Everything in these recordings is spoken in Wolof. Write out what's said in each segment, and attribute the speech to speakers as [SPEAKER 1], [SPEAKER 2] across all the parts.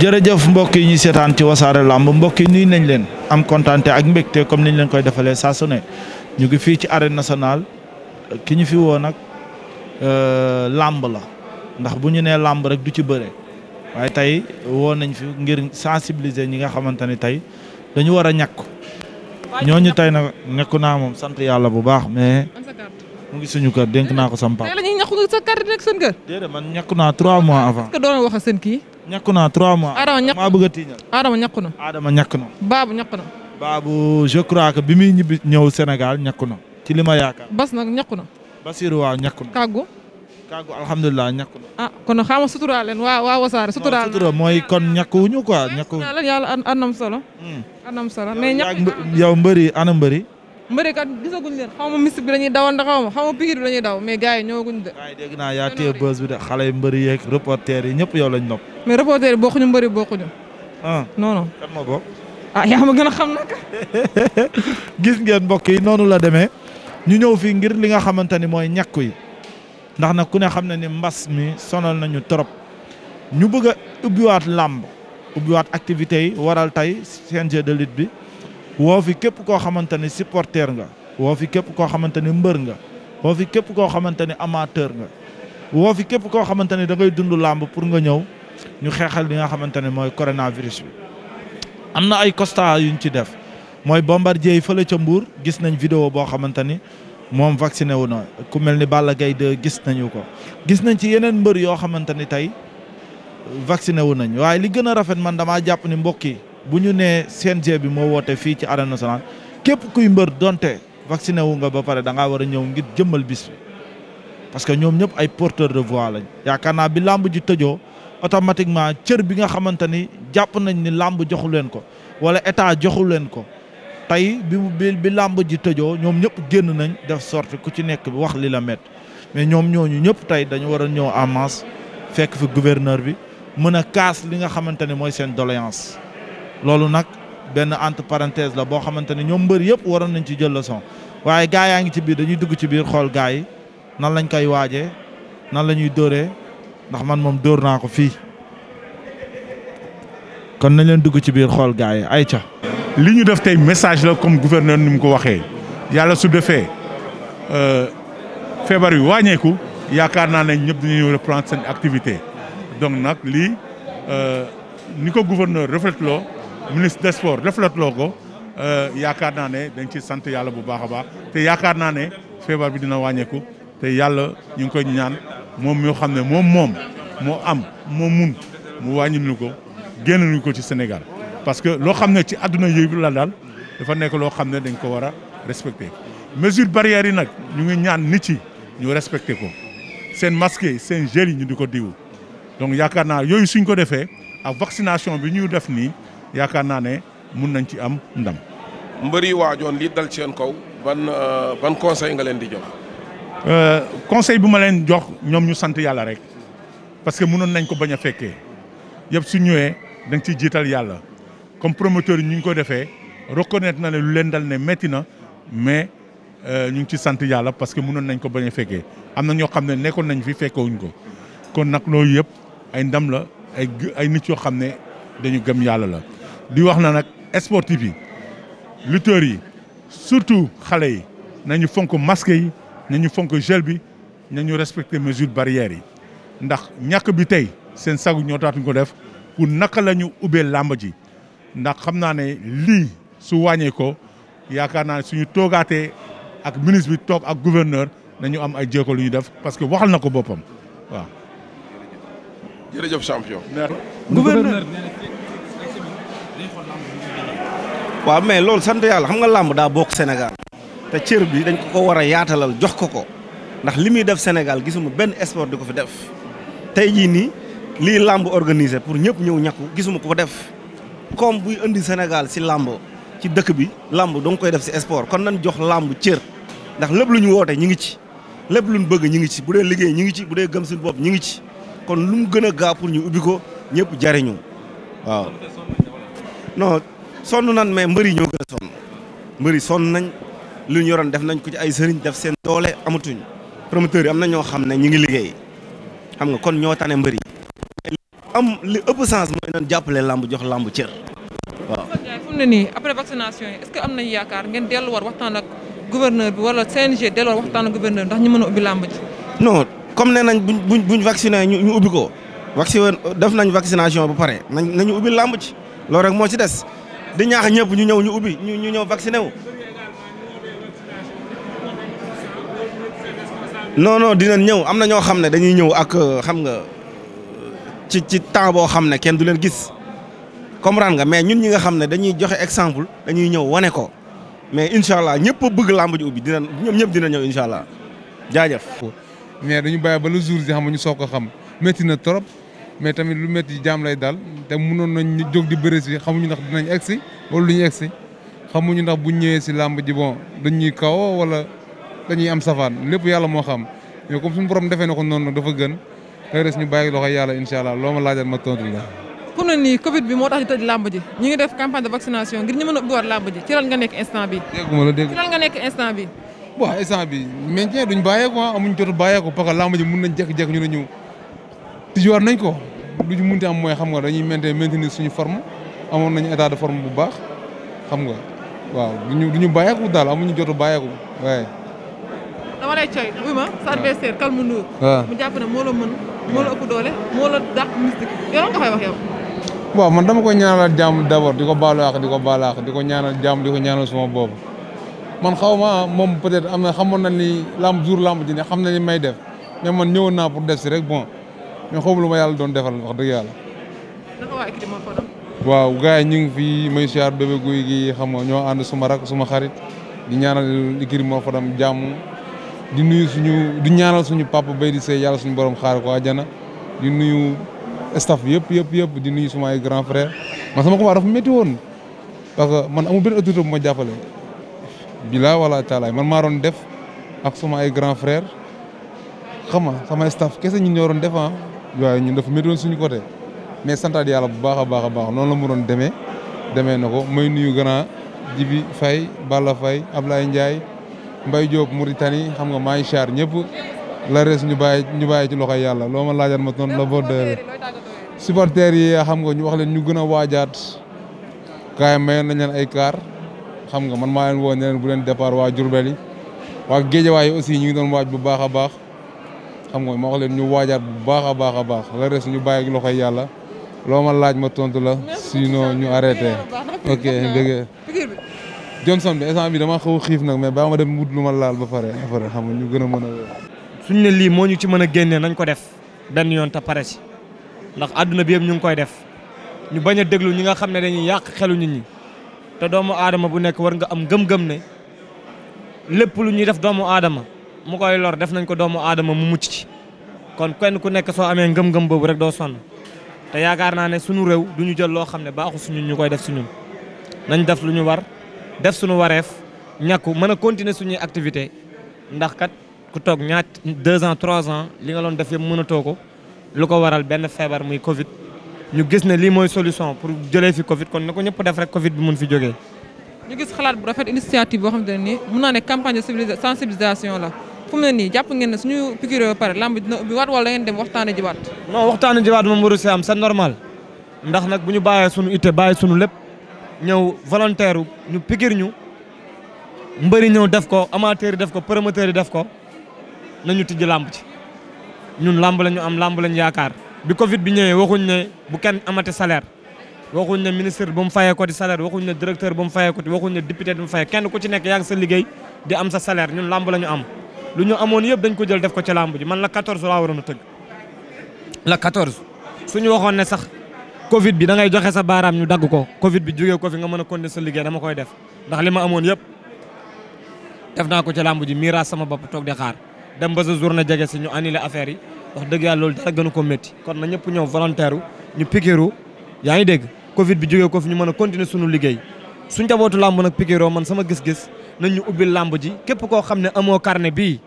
[SPEAKER 1] jërëjëf mbokk yi ñuy seetaan ci wasaare làmb mbokk yi nuyu nañ leen am kontaan ak mbégte comme niñ leen koy defalee saa su ne ñu ngi fii ci arène nationale ki ñu fi woo nag euh, làmb la ndax bu ñu nee làmb rek du ci bëre waaye tey woo nañ fi ngir sensibiliser ñi nga xamante ne tey dañu war a ñàkk ñooñu tey na nekku naa moom sant yàlla bu baax mais mu ngi suñu kër denk naa ko sama trois mois avant. ñàkku naa trois mois.
[SPEAKER 2] Adama ñàkk bëgg a tiiñal. Adama ñàkku na. Adama ñàkk na. Baabu ñàkk na.
[SPEAKER 1] Baabu je crois que bi muy ñibbi ñëw Sénégal ñàkku na. ci li ma yaakaar.
[SPEAKER 2] Bas nag ñàkku na.
[SPEAKER 1] Basiru waaw ñàkku na.
[SPEAKER 2] Kàggu. Kàggu
[SPEAKER 1] alhamdulilah ñàkku na.
[SPEAKER 2] Ah, kon xaama suturaal leen waa waa wasaare. suturaal
[SPEAKER 1] non mooy kon eh,
[SPEAKER 2] solo. Hmm. mais ñàkk
[SPEAKER 1] yow mbëri ana mbëri
[SPEAKER 2] mbëri kat gisaguñ leen xaw ma mystique bi lañuy dawal ndax xaw ma xaw ma piqûre bi lañuy daw mais gars yi ñëwaguñ de. gars yi dégg
[SPEAKER 1] naa yaa téye bës bi de xale yu mbëri yeeg reporter yi ñëpp yow lañ nopp
[SPEAKER 2] mais reporter yi bokkuñu mbëri mbari ah non non. kan ah, ma bokk. gën a xam nag.
[SPEAKER 1] gis ngeen mbokk yi noonu la demee ñu ñëw fii ngir li nga xamante ni mooy ñàkku yi ndax nag ku ne xam na ni mbas mi sonal nañu trop ñu bëgg a ubbiwaat làmb ubbiwaat activités yi waral tey CNG de lutte bi woo fi képp koo xamante ni supporter nga woo fi képp koo xamante ni mbër nga woo fi képp koo xamante ni amateur nga woo fi képp koo xamante ni da dund làmb pour nga ñëw. ñu xeexal li nga xamante ne mooy coronavirus bi. am na ay constat yuñ ci def mooy bombardier yi fële ca mbuur gis nañ vidéo boo xamante ni moom vacciné wu na ku mel ni Balla Gaye 2 gis nañu ko gis nañ ci yeneen mbër yoo xamante ni tey vacciné wu nañ waaye li gën a rafet man damaa jàpp ni mbokk yi bu ñu nee CNG bi moo woote fii ci arène nationale képp kuy mbër donte vacciné wu nga ba pare da ngaa war a ñëw ngir jëmmal bis bi parce que ñoom ñëpp ay porteur de voix lañ yaakaar naa bi ji tëjoo. automatiquement cër bi nga xamante ni jàpp nañ ni làmb joxu leen ko wala état joxu leen ko tey bi mu bi bi làmb ji tëjoo ñoom ñëpp génn nañ def sorte ku ci nekk wax li mais ñoom ñooñu ñëpp tey dañu war a ñëw en masse fekk fi gouverneur bi mën a kaas li nga xamante ne mooy seen doléance loolu nag benn entre la boo xamante ne ñoom mbër yëpp waroon nañ ci jël leçon waaye gaa yaa ngi ci biir dañuy dugg ci biir xool gaa yi nan lañ koy waajee nan la ñuy dóoree
[SPEAKER 3] ndax man moom dóor naa ko fii kon nañ leen dugg ci biir xool gars ay ca li ñu def tey message la comme gouverneur ni mu ko waxee yàlla su defee euh, feebar yu wàññeeku yaakaar naa ne ñëpp dañuy reprendre seen activité donc nag lii euh, ni ko gouverneur reflète loo ministre des sports reflète loo ko euh, yaakaar naa ne dañ ci sant yàlla bu baax a baax te yaakaar naa ne feebar bi dina wàññeeku te yàlla ñu ngi koy ñaan moom yoo xam ne moom moom moo am moo mun mu wàññil ñu ko génn ñu ko ci Sénégal parce que loo xam ne ci àdduna yëpp la daal dafa nekk loo xam ne dañ ko war a respecté mesure barrière yi nag ñu ngi ñaan nit ci ñu respecté ko seen masque seen gel ñu di ko diw donc yaakaar naa yooyu suñ ko defee ak vaccination bi ñuy def nii yaakaar naa ne mun nañ ci am ndam.
[SPEAKER 4] mbër yi waajoon lii dal seen kaw ban euh, ban conseil nga leen di jox.
[SPEAKER 3] Euh, conseil bi ma leen jox ñoom ñu sant yàlla rek parce que mënoon nañ ko bañ a fekkee yëpp su ñëwee da nga ciy jiital yàlla comme promoteur yi ñu ko defee reconnaître na ne lu leen dal ne métti na mais euh, ñu ngi ci sant yàlla parce que mënoon nañ ko bañ a fekkee am na ñoo xam ne nekkoon nañ fi fekkewuñ ko kon nag loolu yëpp ay ndam la ay ay nit yoo xam ne dañu gëm yàlla la di wax na nag sportif yi lutteurs yi surtout xale yi nañu fonk masque yi nañu fonk gel bi nañu respecté mesures barrières yi ndax ñàkk bi tey seen sagu ñoo taatuñ ko def pour naka lañu ñu ubbee làmb ji ndax xam naa ne lii su wàññee ko yaakaar naa ne suñu toogaatee ak ministre bi toog ak gouverneur nañu am ay jéego lu ñu def parce que waxal na ko boppam waaw.
[SPEAKER 5] jërëjëf champion.
[SPEAKER 3] gouverneur
[SPEAKER 4] waaw mais loolu sant yàlla xam nga làmb daa bokk Sénégal. te cër bi dañ ko war a yaatalal jox ko ko ndax li muy def Sénégal gisuma benn sport di ko fi def tey jii nii lii làmb organisé pour ñëpp ñëw ñàkku gisuma ko ko def comme buy indi senegal si làmb ci dëkk bi làmb danga koy def si sport kon nañ jox làmb cër ndax lépp lu ñu woote ñu ngi ci lépp lu ñu bëgg ñu ngi ci bu dee liggéey ñu ngi ci bu dee gëm suñu bopp ñu ngi ci kon lu mu gën a gaaw pour ñu ubbi ko ñëpp jariñu waaw non sonn nañ mais mbër yi ñoo gën lu ñu yoroon def nañ ko ci ay sëriñ def seen doole amatuñ promoteur yi am na ñoo xam ne ñu ngi liggéey xam nga kon ñoo tane mbër am li ëpp sens mooy nañ jàppale làmb jox làmb cër waaw.
[SPEAKER 2] fu mu ne nii après vaccination yi est-ce que am nañu yaakaar ngeen delluwaat waxtaan ak gouverneur bi wala CNG delluwaat waxtaan ak gouverneur ndax ñu mën a ubbi làmb ji.
[SPEAKER 4] non comme nee nañ buñ buñ buñ vacciné ñu ñu ubbi ko vacciné def nañ vaccination ba pare nañ nañu ubbi làmb ci loolu rek moo ci des di ñaax ñëpp ñu ñëw ñu ubbi ñu ñu ñëw vacciné non non ñëw am na ñoo xam ne dañuy ñëw ak euh, xam nga ci ci temps boo xam ne kenn du leen gis comprendre nga mais ñun ñi nga xam ne dañuy joxe exemple dañuy ñëw wane ko mais incha allah ñëpp bëgg làmb ji ubbi dinañ ñoom ñëpp
[SPEAKER 6] dina ñëw incha allah jaajëf. mais dañu bàyyi ba le jour bi xam ñu soog ko xam métti na trop mais tamit lu métti jaam lay daal te mënoon nañ jóg di bëre si xamuñu ndax dinañ egg si wala duñu egg si xamuñu ndax buñ ñëwee si làmb ji bon dañ ñuy kaw wala. dañuy am safaan lépp yàlla moo xam mais comme suñu borom defee na ko noonu dafa gën xëy des ñu bàyyi loxo yàlla incha allah loo ma laajal ma tontu la.
[SPEAKER 2] fu mu ne nii Covid bi moo tax ñu tëj làmb ji ñu ngi def campagne de vaccination ngir ñu mën a ubbiwaat làmb ji ci lan nga nekk instant bi dégguma la dégg ci lan nga nekk instant bi
[SPEAKER 6] waaw instant bi maintien duñ bàyyeeku ah amuñ jot bàyyeeku parce que làmb ji nañ jekk-jekk ñu ne ñëw tijjiwaat nañ ko lu ñu munti am mooy xam nga dañuy maintenir maintenir suñu forme amoon nañu état de forme bu baax xam nga waaw duñu duñu bàyyeeku daal amuñu jot bàyyeeku waaye
[SPEAKER 2] lay coy wuy ma sa mu jàpp ne moo la mën moo la ëpp doole moo la dàq mystique yow nga koy wax yow
[SPEAKER 6] waaw man dama ko ñaanal jàmm d'abord di ko baalu àq di ko baalu àq di ko ñaanal jàmm di ko ñaanal suma boobu man xaw ma moom peut-être am na xamoon na ni lamb jur lamb ji ne xam na ni may def mais man ñëwoon naa pour def si rek bon mais xaw ma lu ma yàlla doon defal wax dëgg yàlla waaw gars yi ñu ngi fi may siyaar bébé guy gi xam ñoo ànd suma rak di nuyu suñu di ñaanal suñu papa bay di sëy yàlla suñu borom xaar ko àjjana di nuyu staff yëpp yëpp yëpp di nuyu suma ay grand frère man sama combat dafa métti woon parce que man amul benn autorité bu ma jàppale bilaa wala taalaay man maa doon def ak suma ay grand frère xam nga sama staff kese ñun ñoo doon def ah waaye ñun dafa métti woon suñu côté mais santaat yàlla bu baax a baax a baax noonu la mu doon demee demee na ko may nuyu grand Jibi fay Balla Faye Ablaye Ndiaye Mbaye Diop Mauritanie xam nga maa ngi char ñëpp la res ñu bàyyi ñu bàyyi ci loxoy yàlla loo ma laajaat ma toon la bordel supporters yi xam nga ñu wax leen ñu gën a waajaat kaay mayoon nañ leen ay kaar xam nga man maa leen woo ne bu leen départ waa Diourbel yi waa Géejawaay yi aussi ñu ngi doon bu baax a baax xam nga ma leen ñu waajaat bu baax a baax a baax la res ñu bàyyi loxoy yàlla loo ma laaj ma tontu la sinon ñu arrêté Johnson bi instant bi dama xaw a xiif nag mais baa ma dem wut lu ma laal ba pare après xam nga gën a mën a. suñ ne lii moo ñu ci mën a génnee nañ ko def benn yoon te pare
[SPEAKER 7] si ndax àdduna bi yëpp ñu ngi koy def ñu bañ a déglu ñi nga xam ne dañuy yàq xelu nit ñi te doomu aadama bu nekk war nga am gëm-gëm ne lépp lu ñuy def doomu aadama mu koy lor def nañ ko doomu aadama mu mucc ci kon kenn ku nekk soo amee ngëm-ngëm boobu rek doo sonn te yaakaar naa ne suñu réew du ñu jël loo xam ne baaxu suñu ñu koy def suñu nañ def lu ñu war. def suñu wareef ñàkku mën a continuer suñuy activité ndax kat ku toog ñaat deux ans trois ans li nga loon def yëpp mënatoo ko lu ko waral benn feebar muy Covid ñu gis ne lii mooy solution pour jëlee fi Covid kon na ko ñëpp def rek Covid bi mun fi jógee.
[SPEAKER 2] ñu gis xalaat bu rafet initiative boo xam te ne nii mun naa ne campagne de sensibilisation la fu mu ne nii jàpp ngeen ne suñu piqûre ba pare lamb dina ubbi waat wala da ngeen dem waxtaanee jiwaat. non
[SPEAKER 7] waxtaanee jiwaat moom waru am c'est normal ndax nag bu ñu bàyyee suñu itte bàyyi suñu lépp. ñëw volontaire ñu pikir ñu mbëri ñëw def ko amateur yi def ko promoteur yi def ko nañu tijji làmb ci ñun làmb la ñu am làmb lañu yaakaar bi Covid bi ñëwee waxuñ ne bu kenn amati salaire waxuñ ne ministre ba mu fayee ko di salaire waxuñ ne directeur ba mu fayee ko di waxuñ ne député ba mu fayee kenn ku ci nekk yaa ngi sa liggéey di am sa salaire ñun làmb la ñu am. lu ñu amoon yëpp dañ ko jël def ko ci làmb ji man la 14 laa waroon a tëgg la 14 suñu waxoon Covid bi da ngay joxe sa baaraam ñu dagg ko Covid bi jógee ko fi nga mën a continuer sa liggéey dama koy def ndax li ma amoon yëpp def naa ko ci làmb ji miiras sama bopp toog di xaar dem ba sa na jege si ñu annulé affaire yi wax dëgg yàlla loolu dara gënu ko métti kon na ñëpp ñëw volontaire ñu pikiru yaa ngi dégg Covid bi jógee ko fi ñu mën a continuer sunu liggéey suñ jabootu làmb nag pikiroo man sama gis-gis nañ ñu ubbil làmb ji képp koo xam ne amoo carnet bii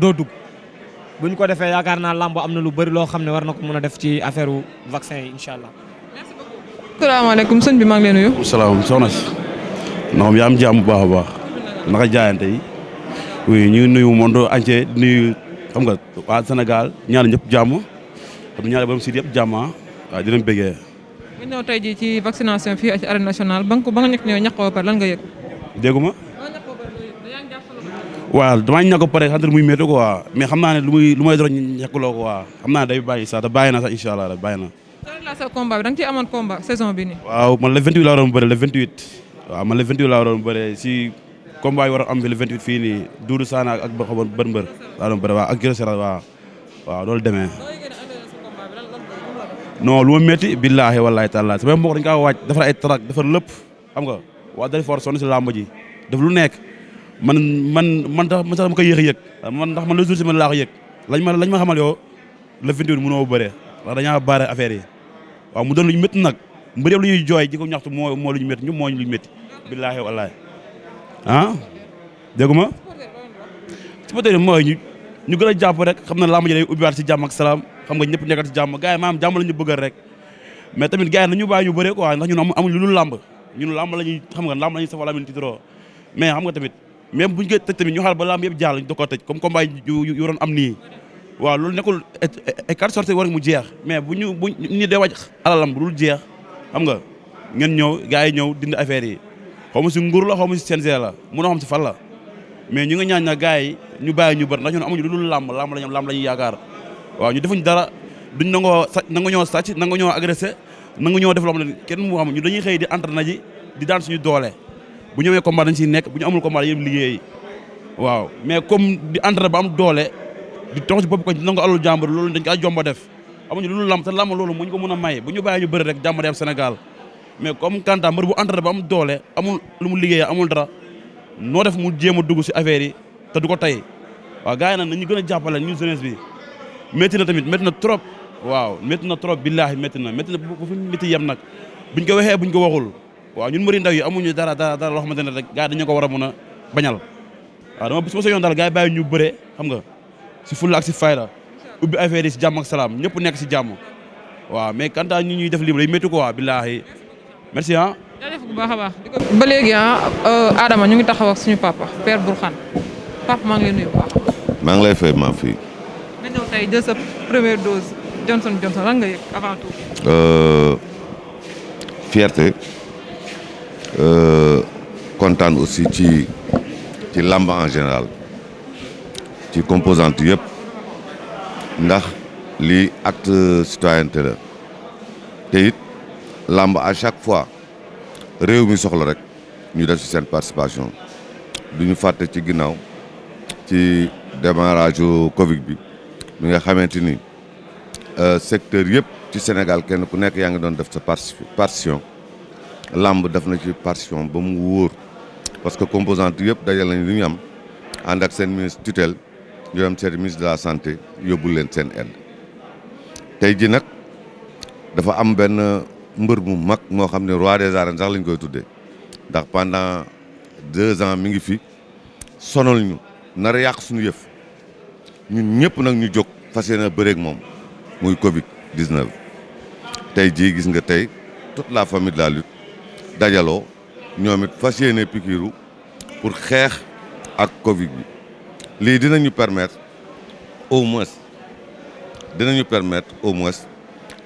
[SPEAKER 7] doo dugg. bu ñu ko defee yaakaar naa lamb am na lu bari loo xam ne war na ko mën a def ci affaire vaccin yi incha allah.
[SPEAKER 2] asalaamaaleykum sëñ bi maa ngi lay nuyu.
[SPEAKER 5] salaam soxna si. naam yaa am jàmm bu baax a baax. naka jaayante yi. ñu nuyu monde entier nuyu xam nga waa senegal ñaar ñëpp jàmm xam ñaar borom si yëpp jàmm ah. waaw dinañ bëggee.
[SPEAKER 2] bu ñu tey jii ci vaccination fii ci arène nationale ba nga ko ba nga ñàkk pare lan nga yëg.
[SPEAKER 5] déggu ma. waaw damaa ñu ne ko pare entre muy métti quoi mais xam naa ne lu muy lu may doon ñekkuloo quoi xam naa day bàyyi sax te bàyyi na sax incha allah rek bàyyi na.
[SPEAKER 2] lan la sa combat bi da nga ciy amoon combat saison bi nii.
[SPEAKER 5] waaw man le 28 laa waroon bëre le 28 waaw man le 28 laa waroon bëre si combat yi war a am bi le 28 fii nii Doudou Sane ak ba xamoon bër mbër laa doon bëre waaw ak Giro Sera waaw waaw loolu demee. non lu ma métti billaahi wallaahi taalaa sama mbokk dañu kaa waaj defar ay tarak defar lépp xam nga waa day for sonn si làmb ji def lu nekk. man man man tax man sax ma koy yéex a man ndax man le jour si man lañ ma lañ ma xamal yow le 28 mënoo bëree ndax dañaa baare affaire yi waaw mu doon lu ñu nag mbër yëpp lu ñuy jooy di ko ñaxtu moo moo lu ñu métti ñu moo lu ñu métti billaahi ah? ma supporter mooy ñu ñu gën a jàpp rek xam na làmb ji day ubbiwaat si jàmm ak salaam xam nga ñëpp nekkat jàmm gars yi maanaam jàmm la ñu bëggal rek mais tamit gars yi nañu bàyyi ñu bëree quoi ndax ñun amuñu lu làmb ñu làmb la ñuy xam nga làmb la ñuy safal amin titroo mais xam nga tamit même bu ñu koy tëj tamit ñu xaar ba lamb yëpp jàll ñu doog koo tëj comme combat yu yu waroon am nii waaw loolu nekkul écart sorti war mu jeex mais bu ñu bu ñu dee wàcc alalam bu dul jeex xam nga ngeen ñëw gars yi ñëw dind affaire yi xaw si nguur la xaw ma si CNG la mënoo xam si fan la mais ñu nga ñaan na gars yi ñu bàyyi ñu bër ndax ñun amuñu lu dul làmb làmb lañu làmb lañu yaakaar waaw ñu defuñ dara duñ nangoo sàcc nangu ñoo sàcc nangu ñoo agressé nangu ñoo def loo kenn mu xam ñu dañuy xëy di entraîné ji di daan suñu doole bu ñu amee combat dañ siy nekk bu ñu amul combat yëpp liggéey waaw mais comme di entraîné ba am doole di toog si bopp ko nangu alul jàmbur loolu dañ kaa jomba def amuñu lu lam te loolu muñ ko mën a may bu ñu bàyyi ñu bëri rek jàmm day am Sénégal mais comme Kanta mbër bu entraîné ba am doole amul lu mu liggéey amul dara noo def mu jéem a dugg si affaire yi te du ko tey waaw gars yi nag nañu gën a jàppale ñu jeunesse bi métti na tamit métti na trop waaw métti na trop billaahi métti na métti na bu fi métti yem nag buñ ko waxee buñ ko waxul waa ñun mbëri ndaw yi amuñu dara dara dara loo xamante ne rek gars yi dañu ko war a mën a bañal waaw dama su ma sa ñu bëre xam nga si fulla ak si fayda ubbi affaire yi si jàmm salaam ñëpp nekk si jàmm waaw mais quant ñu ñuy def libre yi métti ko waa billaahi merci ah.
[SPEAKER 2] jaajëf bu ah, euh, Adama ñu ngi taxaw suñu papa Père Bourkhane papa maa ngi lay nuyu bu baax.
[SPEAKER 8] maa ngi lay fi. nga Euh, kontaan aussi ci ci làmb en général ci composante yëpp ndax lii acte citoyenneté la te it làmb à chaque fois réew mi soxla rek ñu def ci seen participation du ñu fàtte ci ginnaaw ci démarrage Covid bi mi nga xamante ni euh, secteur yëpp ci Sénégal kenn ku nekk yaa ngi doon def sa participation làmb def na ci partition ba mu wóor parce que composante yëpp dajal nañu li ñu am ànd ak seen ministre tutelle ñu am seen ministre de la santé yóbbu leen seen aide tey ji nag dafa am benn mbër mu mag moo xam ne roi des arènes sax lañ koy tuddee ndax pendant deux ans mi ngi fi sonal ñu nar yàq suñu yëf ñun ñëpp nag ñu jóg fas yéene bëreeg moom muy Covid 19 tey jii gis nga tey toute la famille daal la dajaloo ñoom it fas yéene pikiiru pour xeex ak Covid bi lii dinañu permettre au moins dinañu permettre au moins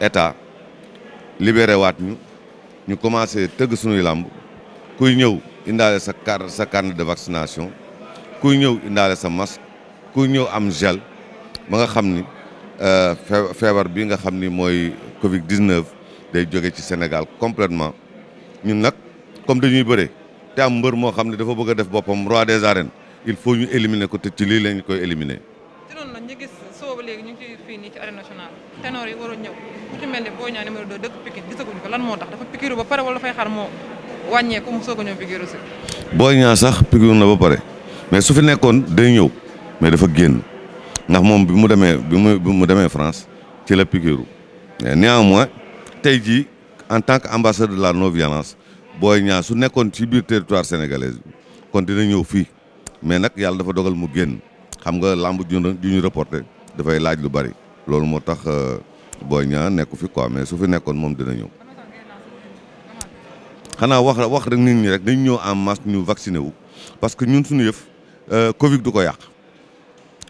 [SPEAKER 8] état libéré waat ñu ñu commencé tëgg suñuy làmb kuy ñëw indaale sa carte sa de vaccination kuy ñëw indaale sa masque kuy ñëw am gel ba nga xam ni euh, feebar bi nga xam ni mooy Covid 19 day jóge ci Sénégal completement ñun nag comme dañuy bëre te am mbër moo xam ne dafa bëgg a def boppam roi des arènes il faut ñu éliminer ko te ci lii leen koy éliminer.
[SPEAKER 2] ci loolu nag ñu gis soo ba léegi ñu ngi fii nii ci arène nationale ténor yi waroon ñëw ku ci mel ne Boy Niang numéro 2 dëkk Pikine gisaguñ ko lan moo tax dafa pikiru ba pare wala dafay xaar moo wàññeeku mu soog a ñëw pikiru si.
[SPEAKER 8] Boy Niang sax pikiru na ba pare mais su fi nekkoon day ñëw mais dafa génn ndax moom bi mu demee bi mu mu demee France ci la pikiru en tant que ambassadeur de la non violence Boy Niang su nekkoon ci biir territoire sénégalais kon dina ñëw fii mais nag yàlla dafa dogal mu génn xam nga làmb ju ñu reporté dafay laaj lu bari loolu moo tax euh, booy ñaa nekku fi quoi mais su fi nekkoon moom dina ñëw. xanaa wax wax rek nit ñi rek dañ ñëw en masse ñu vacciné wu parce que ñun suñu yëf euh, Covid du ko yàq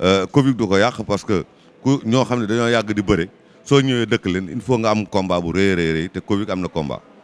[SPEAKER 8] euh, Covid du ko yàq parce que ku ñoo xam ne dañoo yàgg di bëre. soo ñëwee dëkk leen il faut nga am combat bu rëy rëy rëy te Covid am na combat.